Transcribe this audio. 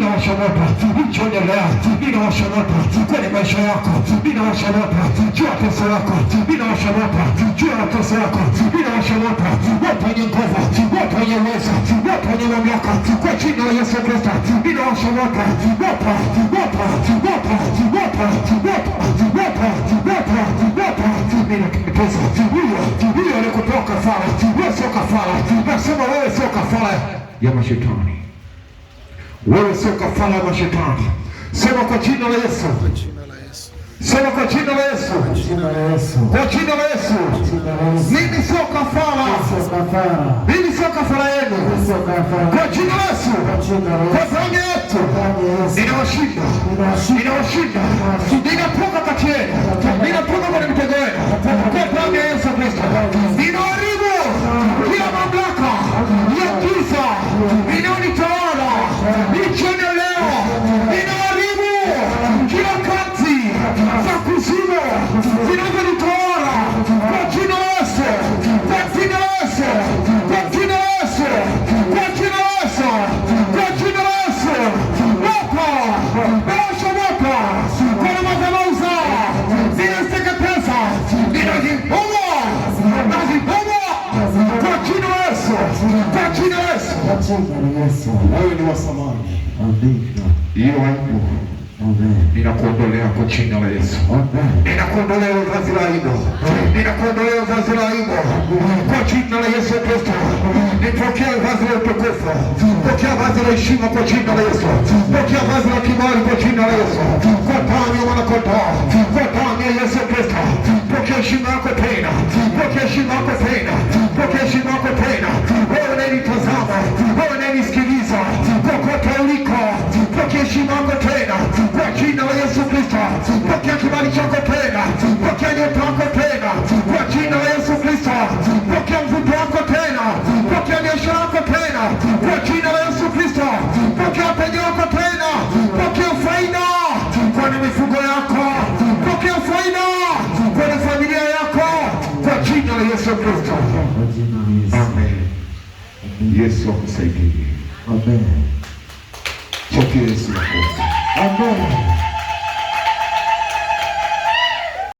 kinawashamota kinachoendelea kinawashamota kwenye maisha yako kinawashamota, jua pesa yako kinawashamota, jua pesa yako kinawashamota, wote wenye nguvu, wote wenye uwezo, wote wenye mamlaka kwa jina la Yesu Kristo kinawashamota, wote wote wote wote wote wote wote wote wote wewe sio kafara ya mashetani. Sema kwa jina la Yesu, sema kwa jina la Yesu, kwa jina la Yesu, mimi sio kafara, mimi sio kafara yenu. Kwa jina la Yesu, kwa damu yetu ninawashinda, ninawashinda zinavyonitawala kwa jina Yesu, kwa jina Yesu, kwa jina Yesu, kwa jina Yesu, kwa jina Yesu, moto beasha, moto kwenye madhabahu zao, zinateketeza, ninazibomoa, nazibomoa kwa jina Yesu, kwa jina Yesu. Wewe ni wa samani, hiyo haipo. Ninakuondolea kwa jina la Yesu. Ninakuondolea uzazi la aibu. Ninakuondolea uzazi la aibu. Kwa jina la Yesu Kristo. Nipokea vazi la utukufu. Pokea vazi la heshima kwa jina la Yesu. Pokea vazi la kibali kwa jina la Yesu. Kwa damu ya mwana kondoo. Kwa damu ya Yesu Kristo. Pokea heshima yako tena. Pokea heshima yako tena. Pokea heshima yako tena. tena kwa jina la Yesu Kristo. Pokea uponyaji wako tena, pokea faida kwenye mifugo yako, pokea faida kwenye familia yako kwa jina la Yesu Kristo. Amen. Yesu akusaidie. Amen. Pokea Yesu. Amen.